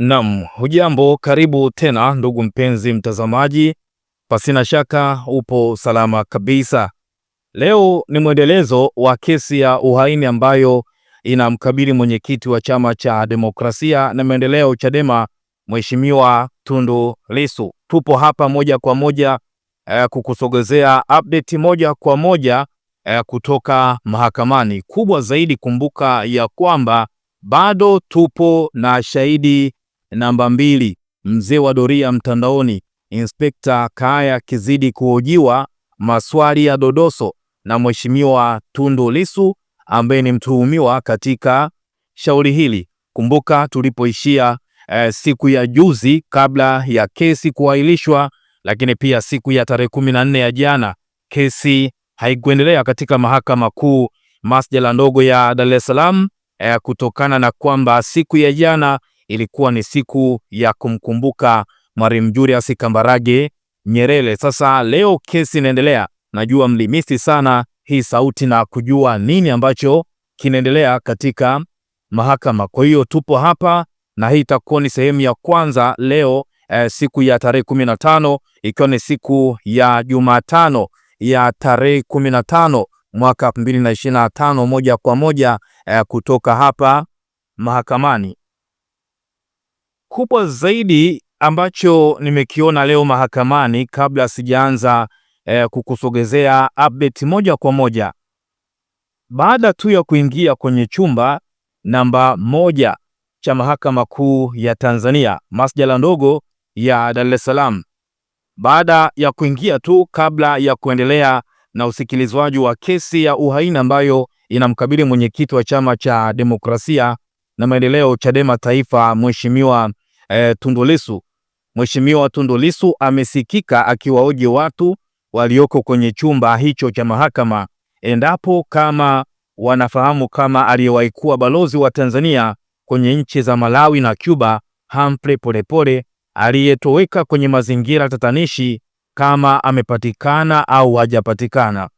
Naam, hujambo, karibu tena ndugu mpenzi mtazamaji, pasina shaka upo salama kabisa. Leo ni mwendelezo wa kesi ya uhaini ambayo inamkabili mwenyekiti wa chama cha demokrasia na maendeleo Chadema, Mheshimiwa Tundu Lissu. Tupo hapa moja kwa moja eh, kukusogezea update moja kwa moja eh, kutoka mahakamani. Kubwa zaidi, kumbuka ya kwamba bado tupo na shahidi Namba mbili, mzee wa doria mtandaoni Inspekta Kaya akizidi kuhojiwa maswali ya dodoso na Mheshimiwa Tundu Lissu ambaye ni mtuhumiwa katika shauri hili. Kumbuka tulipoishia eh, siku ya juzi kabla ya kesi kuahirishwa, lakini pia siku ya tarehe kumi na nne ya jana kesi haikuendelea katika mahakama kuu masjala ndogo ya Dar es Salaam eh, kutokana na kwamba siku ya jana ilikuwa ni siku ya kumkumbuka Mwalimu Julius Kambarage Nyerere. Sasa leo kesi inaendelea, najua mlimisi sana hii sauti na kujua nini ambacho kinaendelea katika mahakama. Kwa hiyo tupo hapa na hii itakuwa ni sehemu ya kwanza leo eh, siku ya tarehe kumi na tano ikiwa ni siku ya Jumatano ya tarehe 15 tano mwaka 2025 moja kwa moja eh, kutoka hapa mahakamani. Kubwa zaidi ambacho nimekiona leo mahakamani, kabla sijaanza eh, kukusogezea update moja kwa moja, baada tu ya kuingia kwenye chumba namba moja cha Mahakama Kuu ya Tanzania, masjala ndogo ya Dar es Salaam, baada ya kuingia tu, kabla ya kuendelea na usikilizwaji wa kesi ya uhaini ambayo inamkabili mwenyekiti wa Chama cha Demokrasia na maendeleo Chadema Taifa, mheshimiwa eh, Tundu Lissu. Mheshimiwa Tundu Lissu amesikika akiwaoji watu walioko kwenye chumba hicho cha mahakama endapo kama wanafahamu kama aliyewahi kuwa balozi wa Tanzania kwenye nchi za Malawi na Cuba Humphrey Polepole aliyetoweka kwenye mazingira tatanishi kama amepatikana au hajapatikana.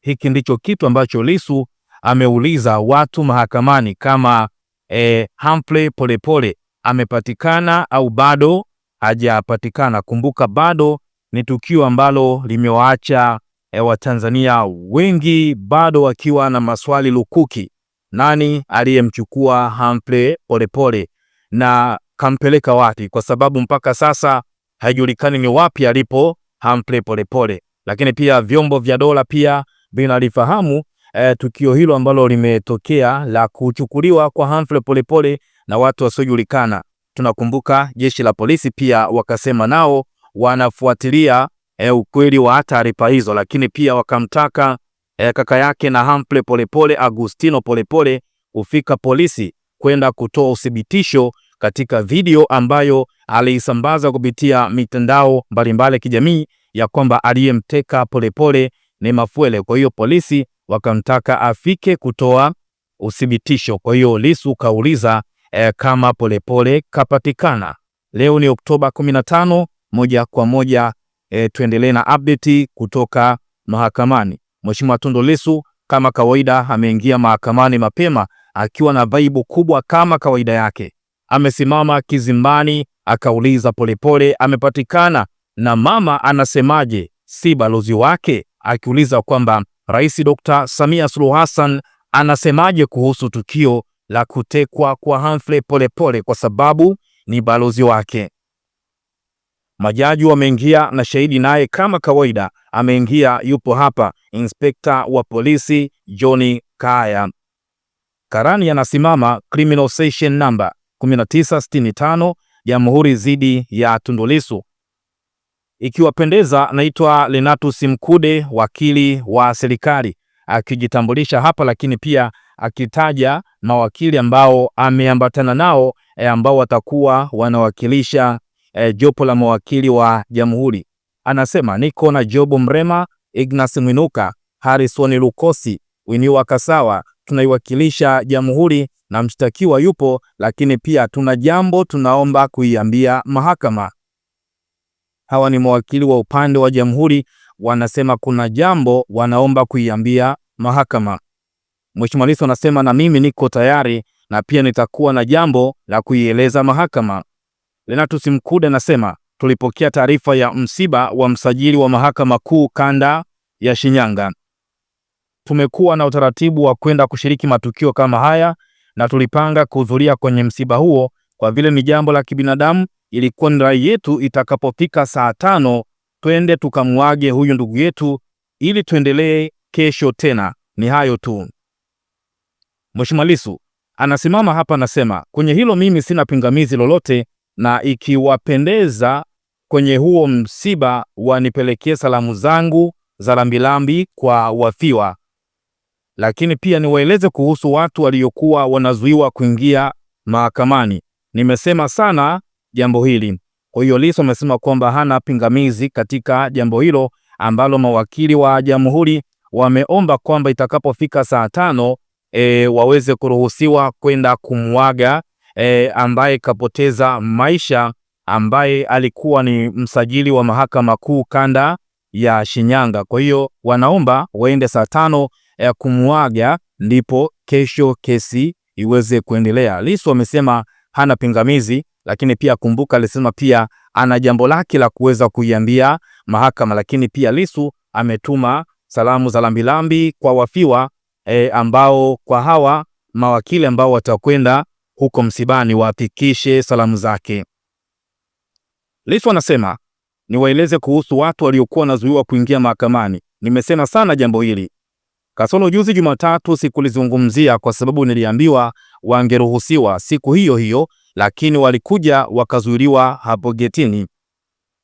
Hiki ndicho kitu ambacho Lissu ameuliza watu mahakamani kama e, Humphrey Polepole amepatikana au bado hajapatikana? Kumbuka bado ni tukio ambalo limewaacha eh, Watanzania wengi bado wakiwa na maswali lukuki, nani aliyemchukua Humphrey Polepole na kampeleka wapi? Kwa sababu mpaka sasa haijulikani ni wapi alipo Humphrey Polepole, lakini pia vyombo vya dola pia vinalifahamu eh, tukio hilo ambalo limetokea la kuchukuliwa kwa Humphrey Polepole na watu wasiojulikana. Tunakumbuka jeshi la polisi pia wakasema nao wanafuatilia eh, ukweli wa taarifa hizo, lakini pia wakamtaka eh, kaka yake na Humphrey Polepole Agustino Polepole kufika polisi kwenda kutoa uthibitisho katika video ambayo aliisambaza kupitia mitandao mbalimbali ya kijamii ya kwamba aliyemteka Polepole ni Mafuele. Kwa hiyo polisi wakamtaka afike kutoa uthibitisho. Kwa hiyo Lissu kauliza eh, kama Polepole kapatikana. Leo ni Oktoba 15. Moja kwa moja eh, tuendelee na update kutoka mahakamani. Mheshimiwa Tundu Lissu kama kawaida ameingia mahakamani mapema akiwa na vaibu kubwa kama kawaida yake. Amesimama kizimbani akauliza Polepole amepatikana na mama anasemaje, si balozi wake, akiuliza kwamba Rais Dr. Samia Suluhu Hassan anasemaje kuhusu tukio la kutekwa kwa Humphrey Polepole kwa sababu ni balozi wake? Majaji wameingia na shahidi naye kama kawaida ameingia, yupo hapa Inspekta wa polisi John Kaya. Karani anasimama Criminal session number 1965 Jamhuri dhidi ya Tundu Lissu Ikiwapendeza, naitwa Lenatus Mkude, wakili wa serikali, akijitambulisha hapa, lakini pia akitaja mawakili ambao ameambatana nao e, ambao watakuwa wanawakilisha e, jopo la mawakili wa Jamhuri. Anasema niko na Jobo Mrema, Ignas Mwinuka, Harrison Lukosi, Winiwa Kasawa, tunaiwakilisha Jamhuri na mshtakiwa yupo, lakini pia tuna jambo tunaomba kuiambia mahakama hawa ni mawakili wa upande wa jamhuri, wanasema kuna jambo wanaomba kuiambia mahakama. Mheshimiwa Lissu anasema na mimi niko tayari na pia nitakuwa na jambo la kuieleza mahakama. Lenatus Mkude anasema tulipokea taarifa ya msiba wa msajili wa mahakama kuu kanda ya Shinyanga. Tumekuwa na utaratibu wa kwenda kushiriki matukio kama haya na tulipanga kuhudhuria kwenye msiba huo kwa vile ni jambo la kibinadamu Ilikuwa yetu itakapofika saa tano twende tukamwage huyu ndugu yetu ili tuendelee kesho tena. Ni hayo tu. Mheshimiwa Lissu anasimama hapa anasema, kwenye hilo mimi sina pingamizi lolote, na ikiwapendeza kwenye huo msiba wanipelekee salamu zangu za lambilambi kwa wafiwa, lakini pia niwaeleze kuhusu watu waliokuwa wanazuiwa kuingia mahakamani. Nimesema sana jambo hili. Kwa hiyo Lissu amesema kwamba hana pingamizi katika jambo hilo ambalo mawakili wa jamhuri wameomba kwamba itakapofika saa tano e, waweze kuruhusiwa kwenda kumwaga e, ambaye kapoteza maisha ambaye alikuwa ni msajili wa mahakama kuu kanda ya Shinyanga. Kwa hiyo wanaomba waende saa tano ya e, kumwaga ndipo kesho kesi iweze kuendelea. Lissu amesema hana pingamizi, lakini pia kumbuka, alisema pia ana jambo lake la kuweza kuiambia mahakama. Lakini pia Lissu ametuma salamu za lambilambi kwa wafiwa e, ambao kwa hawa mawakili ambao watakwenda huko msibani waapikishe salamu zake. Lissu anasema niwaeleze kuhusu watu waliokuwa wanazuiwa kuingia mahakamani. Nimesema sana jambo hili kasoro juzi Jumatatu, sikulizungumzia kwa sababu niliambiwa wangeruhusiwa siku hiyo hiyo, lakini walikuja wakazuiliwa hapo getini.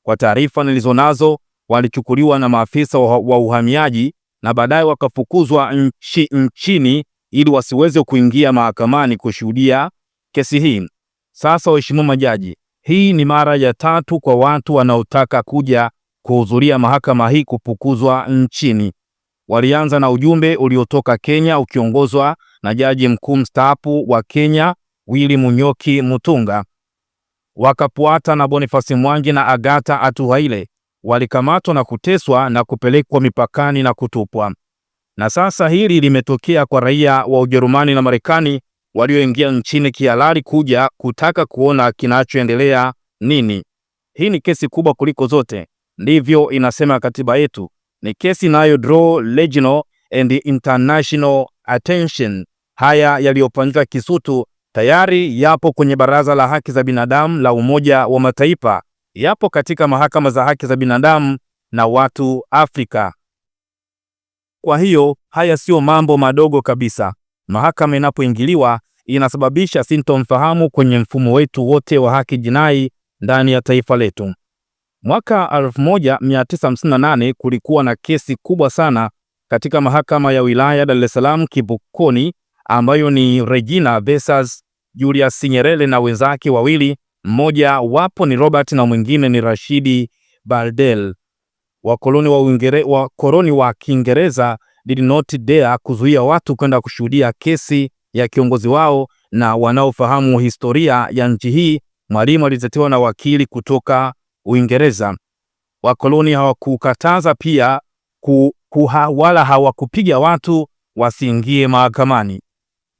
Kwa taarifa nilizonazo, walichukuliwa na maafisa wa uhamiaji na baadaye wakafukuzwa nchi nchini ili wasiweze kuingia mahakamani kushuhudia kesi hii. Sasa waheshimiwa majaji, hii ni mara ya tatu kwa watu wanaotaka kuja kuhudhuria mahakama hii kufukuzwa nchini. Walianza na ujumbe uliotoka Kenya ukiongozwa na jaji mkuu mstaafu wa Kenya Willy Munyoki Mutunga, Wakapuata na Boniface Mwangi na agata atuhaile walikamatwa na kuteswa na kupelekwa mipakani na kutupwa. Na sasa hili limetokea kwa raia wa Ujerumani na Marekani walioingia nchini kihalali kuja kutaka kuona kinachoendelea nini. Hii ni kesi kubwa kuliko zote, ndivyo inasema katiba yetu. Ni kesi inayo draw regional and international attention. Haya yaliyofanyika Kisutu tayari yapo kwenye Baraza la Haki za Binadamu la Umoja wa Mataifa, yapo katika mahakama za haki za binadamu na watu Afrika. Kwa hiyo haya siyo mambo madogo kabisa. Mahakama inapoingiliwa inasababisha mfahamu kwenye mfumo wetu wote wa haki jinai ndani ya taifa letu. Mwaka 1958 kulikuwa na kesi kubwa sana katika mahakama ya wilaya Dar es Salaam Kibukoni, ambayo ni Regina versus Julius Nyerere na wenzake wawili, mmoja wapo ni Robert na mwingine ni Rashidi Bardel. Wakoloni wa Uingereza, wakoloni wa Kiingereza did not dare kuzuia watu kwenda kushuhudia kesi ya kiongozi wao, na wanaofahamu historia ya nchi hii, Mwalimu alitetewa na wakili kutoka Uingereza. Wakoloni hawakukataza pia ku, kuha, wala hawakupiga watu wasiingie mahakamani.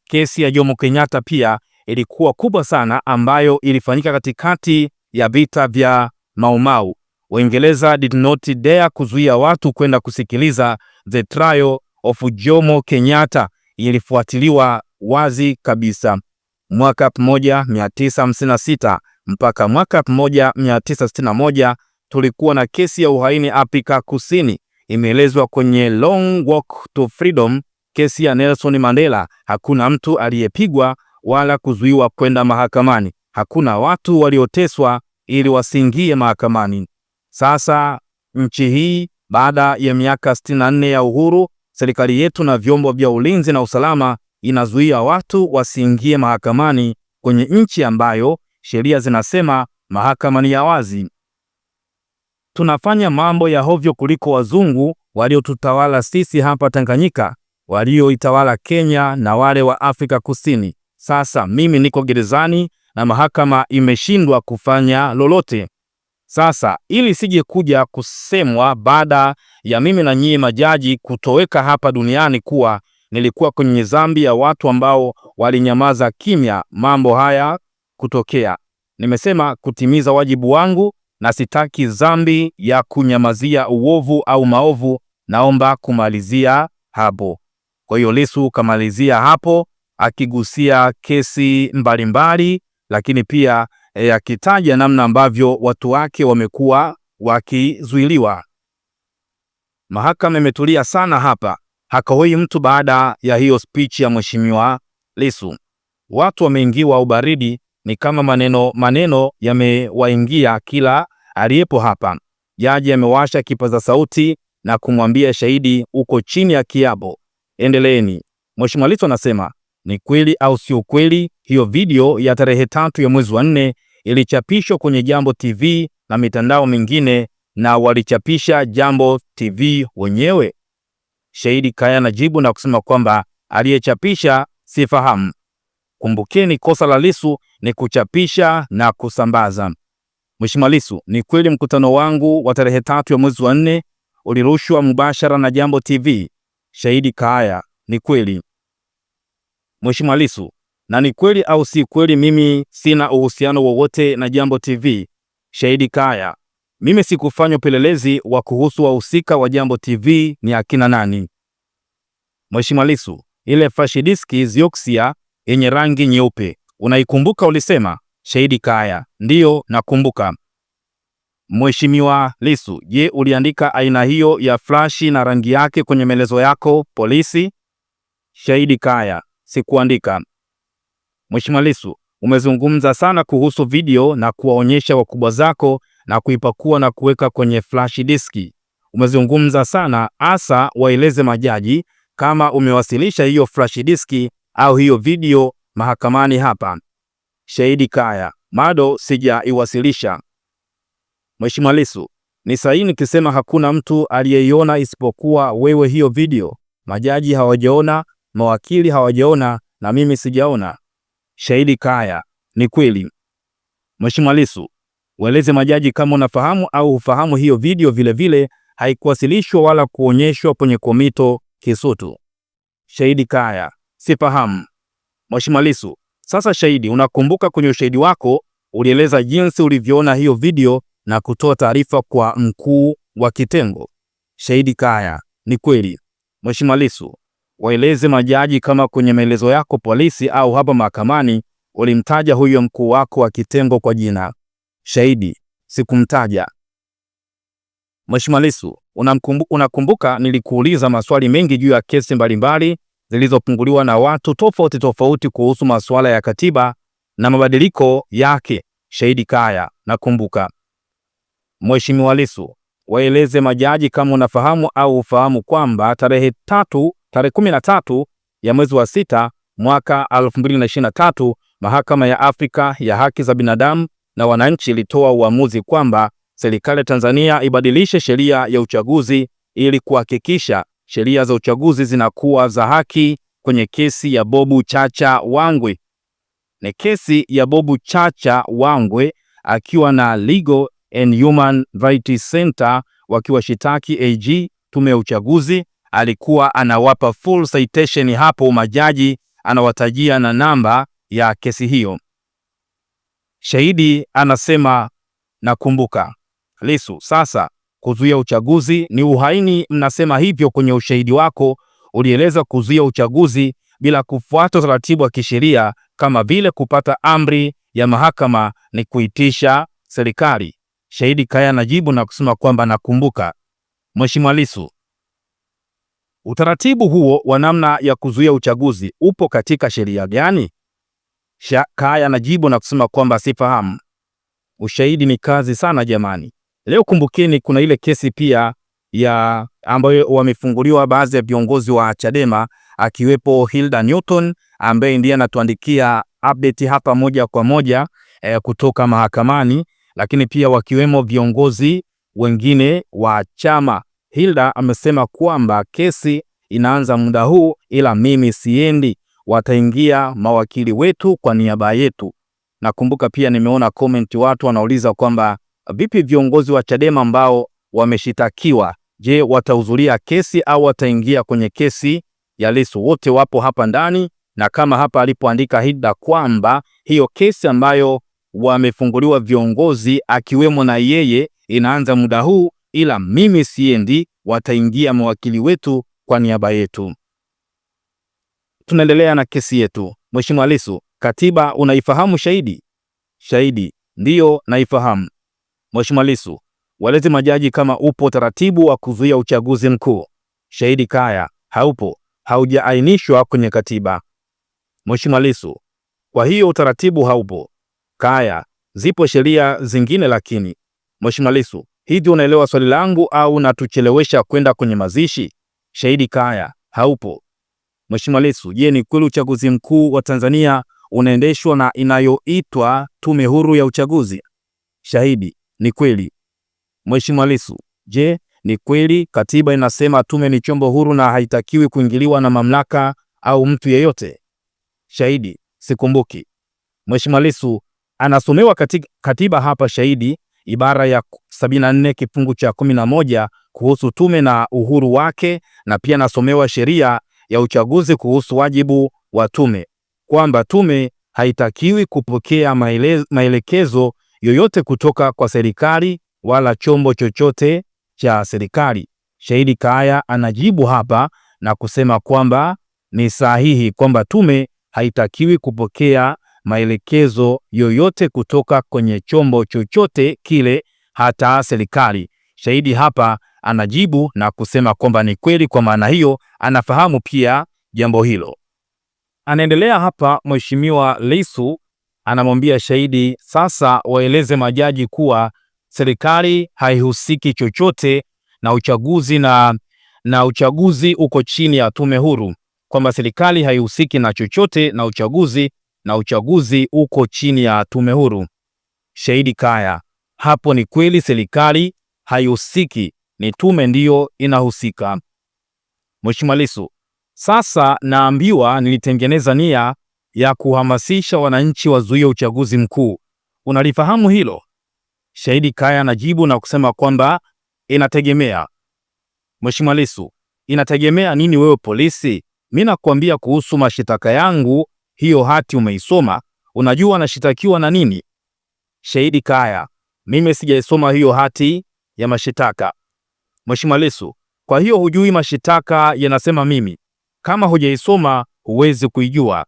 Kesi ya Jomo Kenyatta pia ilikuwa kubwa sana, ambayo ilifanyika katikati ya vita vya Mau Mau. Waingereza did not dare kuzuia watu kwenda kusikiliza the trial of Jomo Kenyatta, ilifuatiliwa wazi kabisa. Mwaka 1956 mpaka mwaka 1961 tulikuwa na kesi ya uhaini Afrika Kusini, imeelezwa kwenye Long Walk to Freedom kesi ya Nelson Mandela, hakuna mtu aliyepigwa wala kuzuiwa kwenda mahakamani. Hakuna watu walioteswa ili wasiingie mahakamani. Sasa nchi hii baada ya miaka 64 ya uhuru, serikali yetu na vyombo vya ulinzi na usalama inazuia watu wasiingie mahakamani kwenye nchi ambayo sheria zinasema mahakama ni ya wazi. Tunafanya mambo ya hovyo kuliko wazungu waliotutawala sisi hapa Tanganyika walioitawala Kenya na wale wa Afrika Kusini. Sasa mimi niko gerezani na mahakama imeshindwa kufanya lolote. Sasa ili sije kuja kusemwa baada ya mimi na nyie majaji kutoweka hapa duniani kuwa nilikuwa kwenye dhambi ya watu ambao walinyamaza kimya, mambo haya kutokea, nimesema kutimiza wajibu wangu na sitaki dhambi ya kunyamazia uovu au maovu. Naomba kumalizia hapo. Kwa hiyo Lissu kamalizia hapo akigusia kesi mbalimbali mbali, lakini pia e, akitaja namna ambavyo watu wake wamekuwa wakizuiliwa. Mahakama imetulia sana hapa, hakohoi mtu baada ya hiyo spichi ya mheshimiwa Lissu. Watu wameingiwa ubaridi, ni kama maneno maneno yamewaingia kila aliyepo hapa. Jaji amewasha kipaza sauti na kumwambia shahidi uko chini ya kiapo Endeleeni. Mheshimiwa Lissu anasema ni kweli au sio kweli, hiyo video ya tarehe tatu ya mwezi wa nne ilichapishwa kwenye Jambo TV na mitandao mingine, na walichapisha Jambo TV wenyewe. Shahidi Kaya anajibu na kusema kwamba aliyechapisha sifahamu. Kumbukeni, kosa la Lissu ni kuchapisha na kusambaza. Mheshimiwa Lissu, ni kweli mkutano wangu wa tarehe tatu ya mwezi wa nne ulirushwa mubashara na Jambo TV shahidi Kaaya ni kweli, Mheshimiwa Lissu, na ni kweli au si kweli, mimi sina uhusiano wowote na Jambo TV. Shahidi Kaaya, mimi sikufanya upelelezi wa kuhusu wahusika wa Jambo TV ni akina nani. Mheshimiwa Lissu, ile flash diski zioksia yenye rangi nyeupe unaikumbuka? Ulisema. Shahidi Kaaya, ndiyo nakumbuka. Mheshimiwa Lissu, je, uliandika aina hiyo ya flashi na rangi yake kwenye maelezo yako polisi? Shahidi Kaya, sikuandika. Mheshimiwa Lissu, umezungumza sana kuhusu video na kuwaonyesha wakubwa zako na kuipakua na kuweka kwenye flashi diski. Umezungumza sana asa waeleze majaji kama umewasilisha hiyo flashi diski au hiyo video mahakamani hapa. Shahidi Kaya, bado sijaiwasilisha. Mheshimiwa Lissu, ni sahihi nikisema hakuna mtu aliyeiona isipokuwa wewe hiyo video? Majaji hawajaona, mawakili hawajaona, na mimi sijaona. Shahidi Kaya, ni kweli? Mheshimiwa Lissu, waeleze majaji kama unafahamu au hufahamu hiyo video vilevile haikuwasilishwa wala kuonyeshwa kwenye komito Kisutu. Shahidi Kaya, sifahamu. Mheshimiwa Lissu, sasa shahidi, unakumbuka kwenye ushahidi wako ulieleza jinsi ulivyoona hiyo video na kutoa taarifa kwa mkuu wa kitengo Shahidi Kaya. Ni kweli Mheshimiwa Lissu, waeleze majaji kama kwenye maelezo yako polisi au hapa mahakamani ulimtaja huyo mkuu wako wa kitengo kwa jina Shahidi. Sikumtaja. Mheshimiwa Lissu, unakumbuka, unakumbuka nilikuuliza maswali mengi juu ya kesi mbalimbali zilizopunguliwa na watu tofauti tofauti kuhusu masuala ya katiba na mabadiliko yake. Shahidi Kaya, nakumbuka. Mheshimiwa Lissu, waeleze majaji kama unafahamu au ufahamu kwamba tarehe tatu tarehe kumi na tatu ya mwezi wa sita mwaka 2023 Mahakama ya Afrika ya Haki za Binadamu na Wananchi ilitoa uamuzi kwamba serikali ya Tanzania ibadilishe sheria ya uchaguzi ili kuhakikisha sheria za uchaguzi zinakuwa za haki kwenye kesi ya Bobu Chacha Wangwe. Ni kesi ya Bobu Chacha Wangwe akiwa na legal and Human Rights Center wakiwashitaki AG, tume ya uchaguzi. Alikuwa anawapa full citation hapo, majaji anawatajia na namba ya kesi hiyo. Shahidi anasema nakumbuka Lisu. Sasa kuzuia uchaguzi ni uhaini, mnasema hivyo kwenye ushahidi wako. Ulieleza kuzuia uchaguzi bila kufuata taratibu wa kisheria kama vile kupata amri ya mahakama ni kuitisha serikali. Shahidi Kaya anajibu na kusema kwamba nakumbuka Mheshimiwa Lissu. Utaratibu huo wa namna ya kuzuia uchaguzi upo katika sheria gani? Kaya anajibu na kusema kwamba sifahamu. Ushahidi ni kazi sana jamani. Leo kumbukeni, kuna ile kesi pia ya ambayo wamefunguliwa baadhi ya viongozi wa Chadema akiwepo Hilda Newton ambaye ndiye anatuandikia update hapa moja kwa moja eh, kutoka mahakamani lakini pia wakiwemo viongozi wengine wa chama. Hilda amesema kwamba kesi inaanza muda huu, ila mimi siendi, wataingia mawakili wetu kwa niaba yetu. Nakumbuka pia nimeona comment watu wanauliza kwamba vipi viongozi wa Chadema ambao wameshitakiwa, je, watahudhuria kesi au wataingia kwenye kesi ya Lissu? Wote wapo hapa ndani, na kama hapa alipoandika Hilda kwamba hiyo kesi ambayo wamefunguliwa viongozi akiwemo na yeye, inaanza muda huu, ila mimi siendi, wataingia mawakili wetu kwa niaba yetu. Tunaendelea na kesi yetu. Mheshimiwa Lissu, katiba unaifahamu shahidi? Shahidi, ndiyo naifahamu. Mheshimiwa Lissu, walete majaji kama upo taratibu wa kuzuia uchaguzi mkuu. Shahidi Kaya, haupo, haujaainishwa kwenye katiba. Mheshimiwa Lissu, kwa hiyo utaratibu haupo. Kaya, zipo sheria zingine lakini. Mheshimiwa Lissu, hivi unaelewa swali langu au natuchelewesha kwenda kwenye mazishi? Shahidi Kaya, haupo. Mheshimiwa Lissu, je, ni kweli uchaguzi mkuu wa Tanzania unaendeshwa na inayoitwa Tume Huru ya Uchaguzi? Shahidi, ni kweli. Mheshimiwa Lissu, je, ni kweli katiba inasema tume ni chombo huru na haitakiwi kuingiliwa na mamlaka au mtu yeyote? Shahidi, sikumbuki. Mheshimiwa Lissu, anasomewa katika katiba hapa shahidi ibara ya 74 kifungu cha 11 kuhusu tume na uhuru wake, na pia anasomewa sheria ya uchaguzi kuhusu wajibu wa tume kwamba tume haitakiwi kupokea maele, maelekezo yoyote kutoka kwa serikali wala chombo chochote cha serikali. Shahidi Kaaya anajibu hapa na kusema kwamba ni sahihi kwamba tume haitakiwi kupokea maelekezo yoyote kutoka kwenye chombo chochote kile, hata serikali. Shahidi hapa anajibu na kusema kwamba ni kweli, kwa maana hiyo anafahamu pia jambo hilo. Anaendelea hapa, Mheshimiwa Lissu anamwambia shahidi, sasa waeleze majaji kuwa serikali haihusiki chochote na uchaguzi na, na uchaguzi uko chini ya tume huru, kwamba serikali haihusiki na chochote na uchaguzi na uchaguzi uko chini ya tume huru. Shahidi Kaya: hapo ni kweli, serikali haihusiki, ni tume ndiyo inahusika. Mheshimiwa Lissu: sasa naambiwa nilitengeneza nia ya kuhamasisha wananchi wazuie uchaguzi mkuu, unalifahamu hilo? Shahidi Kaya anajibu na kusema kwamba inategemea. Mheshimiwa Lissu: inategemea nini wewe polisi? Mimi nakwambia kuhusu mashitaka yangu hiyo hati umeisoma? Unajua anashitakiwa na nini? Shahidi Kaya: mimi sijaisoma hiyo hati ya mashitaka. Mheshimiwa Lissu: kwa hiyo hujui mashitaka yanasema mimi? Kama hujaisoma huwezi kuijua.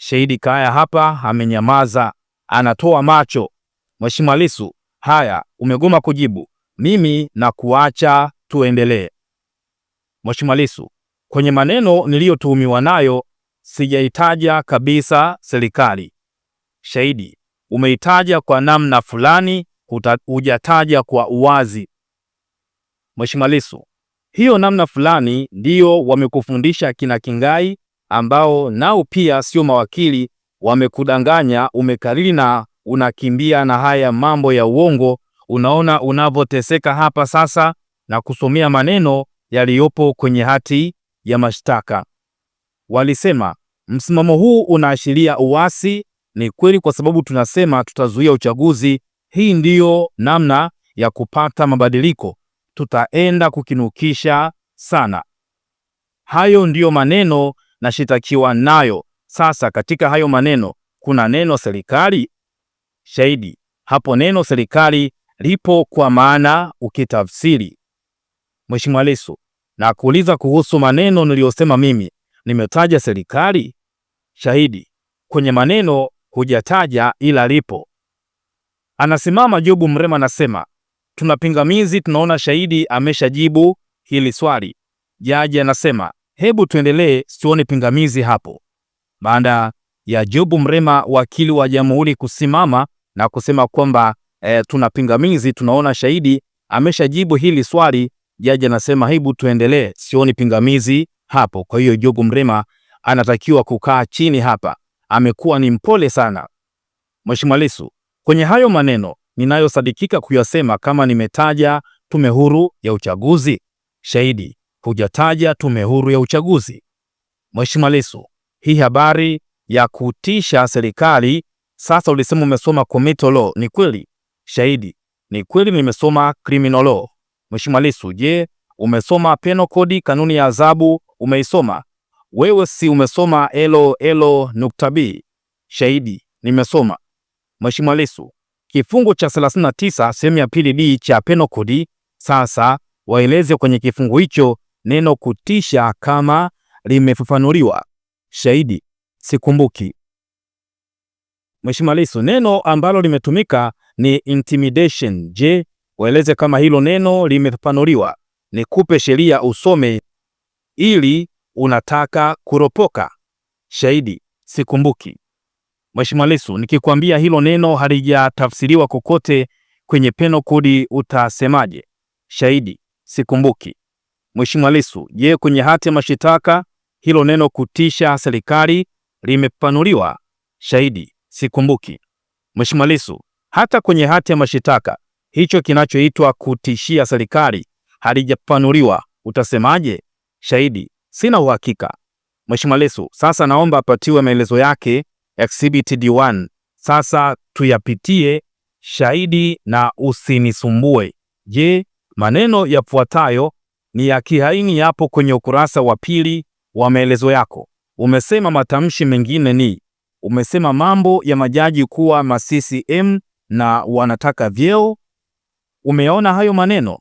Shahidi Kaya hapa amenyamaza, anatoa macho. Mheshimiwa Lissu: haya, umegoma kujibu, mimi na kuacha tuendelee. Mheshimiwa Lissu: kwenye maneno niliyotuhumiwa nayo sijaitaja kabisa serikali. Shahidi, umeitaja kwa namna fulani, hujataja kwa uwazi. Mheshimiwa Lissu, hiyo namna fulani ndiyo wamekufundisha kina Kingai, ambao nao pia sio mawakili, wamekudanganya, umekariri na unakimbia na haya mambo ya uongo. Unaona unavyoteseka hapa sasa, na kusomea maneno yaliyopo kwenye hati ya mashtaka walisema msimamo huu unaashiria uasi. Ni kweli, kwa sababu tunasema tutazuia uchaguzi. Hii ndiyo namna ya kupata mabadiliko, tutaenda kukinukisha sana. Hayo ndiyo maneno nashitakiwa nayo. Sasa katika hayo maneno kuna neno serikali. Shahidi hapo neno serikali lipo kwa maana ukitafsiri, Mheshimiwa Lissu, na kuuliza kuhusu maneno niliyosema mimi nimetaja serikali? Shahidi: kwenye maneno hujataja ila lipo. Anasimama Jobu Mrema anasema tuna pingamizi, tunaona shahidi ameshajibu hili swali. Jaji anasema hebu tuendelee, sioni pingamizi hapo. Baada ya Jobu Mrema, wakili wa jamhuri, kusimama na kusema kwamba e, tuna pingamizi, tunaona shahidi ameshajibu hili swali, jaji anasema hebu tuendelee, sioni pingamizi hapo. Kwa hiyo jogo Mrema anatakiwa kukaa chini hapa, amekuwa ni mpole sana. Mheshimiwa Lissu, kwenye hayo maneno ninayosadikika kuyasema, kama nimetaja tume huru ya uchaguzi, shahidi hujataja tume huru ya uchaguzi. Mheshimiwa Lissu, hii habari ya kutisha serikali sasa, ulisema umesoma committal law, ni kweli? Shahidi ni kweli, nimesoma criminal law. Mheshimiwa Lissu, je, umesoma penal code, kanuni ya adhabu umeisoma wewe, si umesoma elo elo nukta b? Shahidi: nimesoma. Mheshimiwa Lissu: kifungu cha 39 sehemu ya pili d cha penal code, sasa waeleze kwenye kifungu hicho neno kutisha kama limefafanuliwa. Shahidi: sikumbuki. Mheshimiwa Lissu: neno ambalo limetumika ni intimidation. Je, waeleze kama hilo neno limefafanuliwa. Nikupe sheria usome ili unataka kuropoka. Shahidi sikumbuki. Mheshimiwa Lissu, nikikwambia hilo neno halijatafsiriwa kokote kwenye peno kodi utasemaje? Shahidi sikumbuki. Mheshimiwa Lissu, je, kwenye hati ya mashitaka hilo neno kutisha serikali limepanuliwa? Shahidi sikumbuki. Mheshimiwa Lissu, hata kwenye hati ya mashitaka hicho kinachoitwa kutishia serikali halijapanuliwa, utasemaje? Shahidi: sina uhakika. Mheshimiwa Lissu: sasa naomba apatiwe maelezo yake exhibit D1. Sasa tuyapitie. Shahidi: na usinisumbue. Je, maneno yafuatayo ni ya kihaini yapo kwenye ukurasa wa pili wa maelezo yako. Umesema matamshi mengine ni umesema mambo ya majaji kuwa ma CCM na wanataka vyeo. Umeona hayo maneno?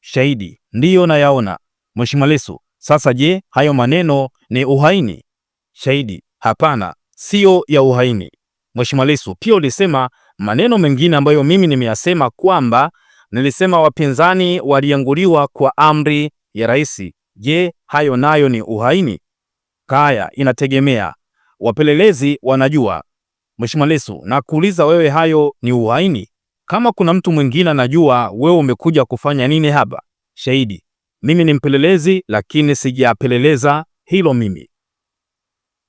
Shahidi: ndiyo nayaona. Mheshimiwa Lissu: sasa je, hayo maneno ni uhaini? Shahidi: hapana, siyo ya uhaini. Mheshimiwa Lissu pia ulisema maneno mengine ambayo mimi nimeyasema kwamba nilisema wapinzani walianguliwa kwa amri ya rais. Je, hayo nayo ni uhaini? Kaya, inategemea wapelelezi wanajua. Mheshimiwa Lissu, nakuuliza wewe, hayo ni uhaini? Kama kuna mtu mwingine anajua, wewe umekuja kufanya nini hapa? Shahidi: mimi ni mpelelezi lakini sijapeleleza hilo mimi,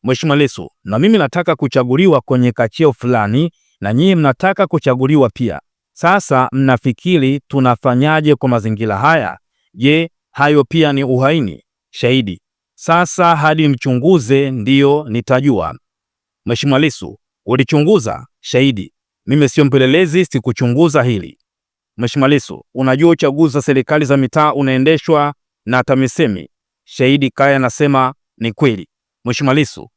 Mheshimiwa Lissu, na mimi nataka kuchaguliwa kwenye kacheo fulani, na nyinyi mnataka kuchaguliwa pia. Sasa mnafikiri tunafanyaje kwa mazingira haya? Je, hayo pia ni uhaini? Shahidi, sasa hadi mchunguze ndiyo nitajua. Mheshimiwa Lissu, ulichunguza? Shahidi, mimi sio mpelelezi, sikuchunguza hili. Mheshimiwa Lissu, unajua uchaguzi za serikali za mitaa unaendeshwa na TAMISEMI. Shahidi Kaya anasema ni kweli. Mheshimiwa Lissu,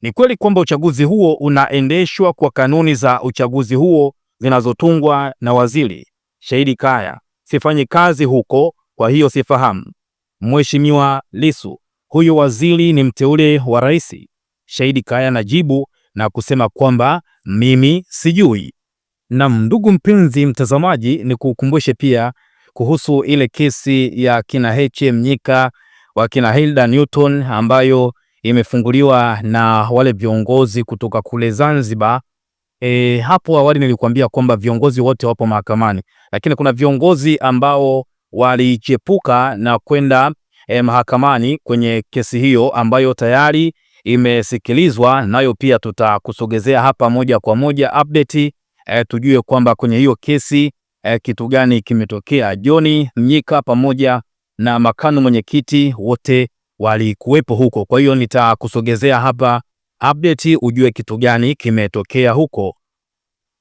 ni kweli kwamba uchaguzi huo unaendeshwa kwa kanuni za uchaguzi huo zinazotungwa na waziri Shahidi Kaya. Sifanyi kazi huko, kwa hiyo sifahamu. Mheshimiwa Lissu, huyu waziri ni mteule wa rais? Shahidi Kaya najibu na kusema kwamba mimi sijui. Nam, ndugu mpenzi mtazamaji, ni kukumbushe pia kuhusu ile kesi ya kina HM Nyika wa kina Hilda Newton ambayo imefunguliwa na wale viongozi kutoka kule Zanzibar. E, hapo awali nilikuambia kwamba viongozi wote wapo mahakamani, lakini kuna viongozi ambao walichepuka na kwenda e, mahakamani kwenye kesi hiyo ambayo tayari imesikilizwa, nayo pia tutakusogezea hapa moja kwa moja update e, tujue kwamba kwenye hiyo kesi e, kitu gani kimetokea. John Mnyika pamoja na makano mwenyekiti wote walikuwepo huko, kwa hiyo nitakusogezea hapa update ujue kitu gani kimetokea huko.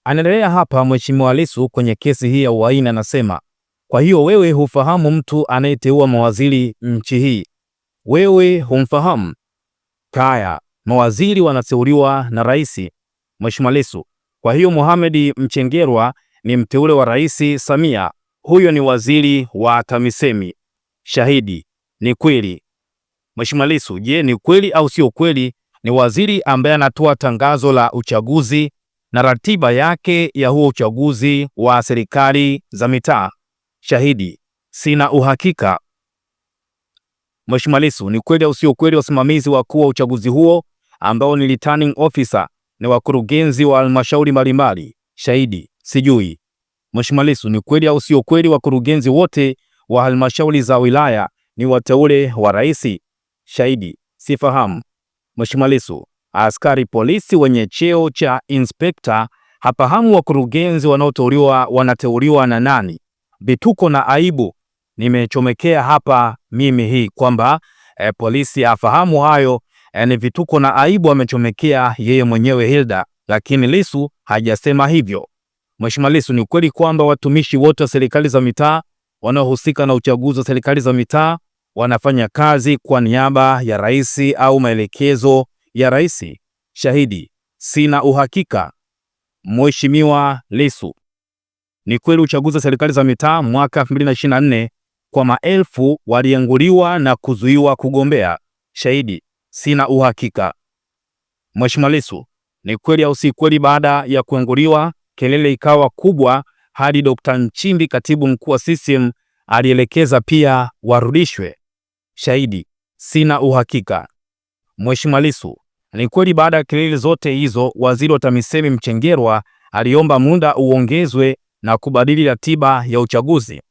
Anaendelea hapa Mheshimiwa Lissu kwenye kesi hii ya uhaini, anasema kwa hiyo wewe hufahamu mtu anayeteua mawaziri nchi hii? Wewe humfahamu? Kaya, mawaziri wanateuliwa na rais. Mheshimiwa Lissu, kwa hiyo Mohamed Mchengerwa ni mteule wa Rais Samia, huyo ni waziri wa TAMISEMI. Shahidi ni kweli. Mheshimiwa Lissu, je, ni kweli au sio kweli? Ni waziri ambaye anatoa tangazo la uchaguzi na ratiba yake ya huo uchaguzi wa serikali za mitaa. Shahidi, sina uhakika. Mheshimiwa Lissu, ni kweli au sio kweli wasimamizi wakuu wa uchaguzi huo ambao ni returning officer ni wakurugenzi wa halmashauri mbalimbali, shahidi sijui. Mheshimiwa Lissu, ni kweli au sio kweli wakurugenzi wote wa halmashauri za wilaya ni wateule wa rais? Shahidi sifahamu. Mheshimiwa Lissu, askari polisi wenye cheo cha inspekta hapahamu wakurugenzi wanaoteuliwa wanateuliwa na nani? Vituko na aibu nimechomekea hapa mimi hii kwamba e, polisi hafahamu hayo yaani vituko na aibu amechomekea yeye mwenyewe Hilda, lakini lisu hajasema hivyo. Mheshimiwa Lisu, ni ukweli kwamba watumishi wote wa serikali za mitaa wanaohusika na uchaguzi wa serikali za mitaa wanafanya kazi kwa niaba ya rais au maelekezo ya rais? Shahidi, sina uhakika. Mheshimiwa Lisu: ni kweli uchaguzi wa serikali za mitaa mwaka 2024 kwa maelfu walianguliwa na kuzuiwa kugombea? Shahidi, sina uhakika. Mheshimiwa Lissu, ni kweli au si kweli, baada ya kuenguliwa kelele ikawa kubwa hadi Dr. Nchimbi, katibu mkuu wa CCM, alielekeza pia warudishwe? Shahidi: sina uhakika. Mheshimiwa Lissu, ni kweli baada ya kelele zote hizo waziri wa TAMISEMI Mchengerwa aliomba muda uongezwe na kubadili ratiba ya uchaguzi.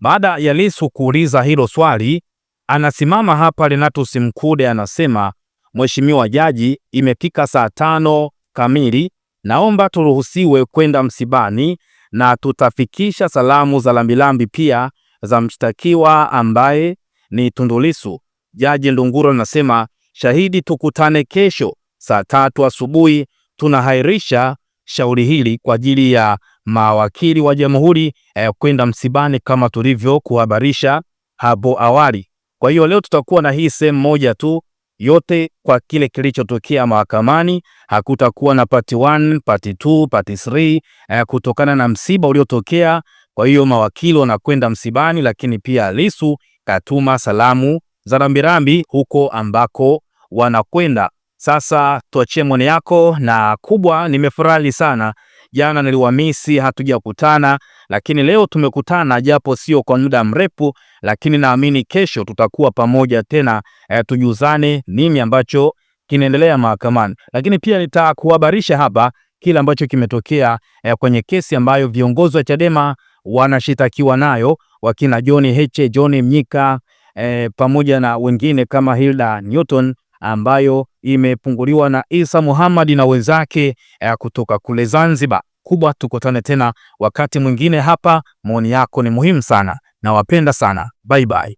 Baada ya Lissu kuuliza hilo swali, Anasimama hapa Renatus Mkude anasema, Mheshimiwa Jaji, imefika saa tano kamili, naomba turuhusiwe kwenda msibani na tutafikisha salamu za lambilambi pia za mshtakiwa ambaye ni Tundu Lissu. Jaji Ndunguru anasema, shahidi, tukutane kesho saa tatu asubuhi. Tunahairisha shauri hili kwa ajili ya mawakili wa jamhuri eh, kwenda msibani kama tulivyokuhabarisha hapo awali. Kwa hiyo leo tutakuwa na hii sehemu moja tu yote kwa kile kilichotokea mahakamani. Hakutakuwa na part 1, part 2, part 3 eh, kutokana na msiba uliotokea. Kwa hiyo mawakili wanakwenda msibani, lakini pia Lissu katuma salamu za rambirambi huko ambako wanakwenda. Sasa tuachie mwone yako na kubwa, nimefurahi sana Jana niliwamisi, hatujakutana, lakini leo tumekutana, japo sio kwa muda mrefu, lakini naamini kesho tutakuwa pamoja tena eh, tujuzane nini ambacho kinaendelea mahakamani, lakini pia nitakuhabarisha hapa kile ambacho kimetokea eh, kwenye kesi ambayo viongozi wa Chadema wanashitakiwa nayo wakina John Heche, John Mnyika eh, pamoja na wengine kama Hilda Newton ambayo imepunguliwa na Isa Muhammad na wenzake eh, kutoka kule Zanzibar. Kubwa, tukutane tena wakati mwingine hapa. Maoni yako ni muhimu sana, nawapenda sana. Bye bye.